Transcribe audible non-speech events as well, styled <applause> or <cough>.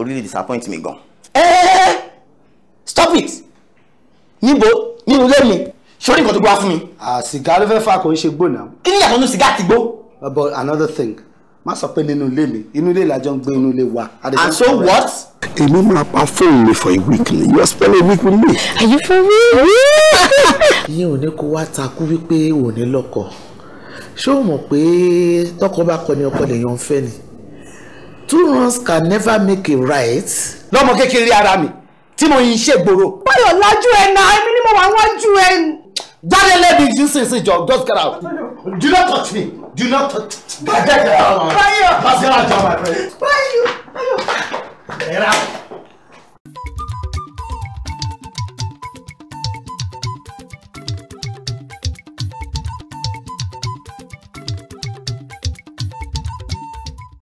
o really disappoint me, gan. Hey, eh, eh, eh, stop it níbo nínú ilé mi sórí nǹkan tó gbá fún mi. sìgá ló fẹ́ fà kò ń ṣe gbó náà. kí ni yàtọ̀ nínú sìgá àti gbó. but another thing má sọ pé nínú ilé mi inú ilé làjọ ń gbé inú ilé wa. and so what. èmi máa pa fóònù mi for a week ni you spend a week with me. are you for real. ìyẹn <laughs> ò ní kó wá takú wípé ò ní lọ́kọ ṣé o mọ̀ pé tọkọ bá kọ ni ọkọ lèèyàn ń fẹ́ ni two wrongs can never make a right. lọ́mọ kékeré ara mi tí mo yin ṣe gbòòrò. báyọ̀ lájú ẹ̀ náà èmi ni mo wà wájú ẹ̀. jáde lẹ́bi yìí sì sì jọ just get out. do not touch me do not touch me. báyọ̀ báyọ̀ báyọ̀ báyọ̀.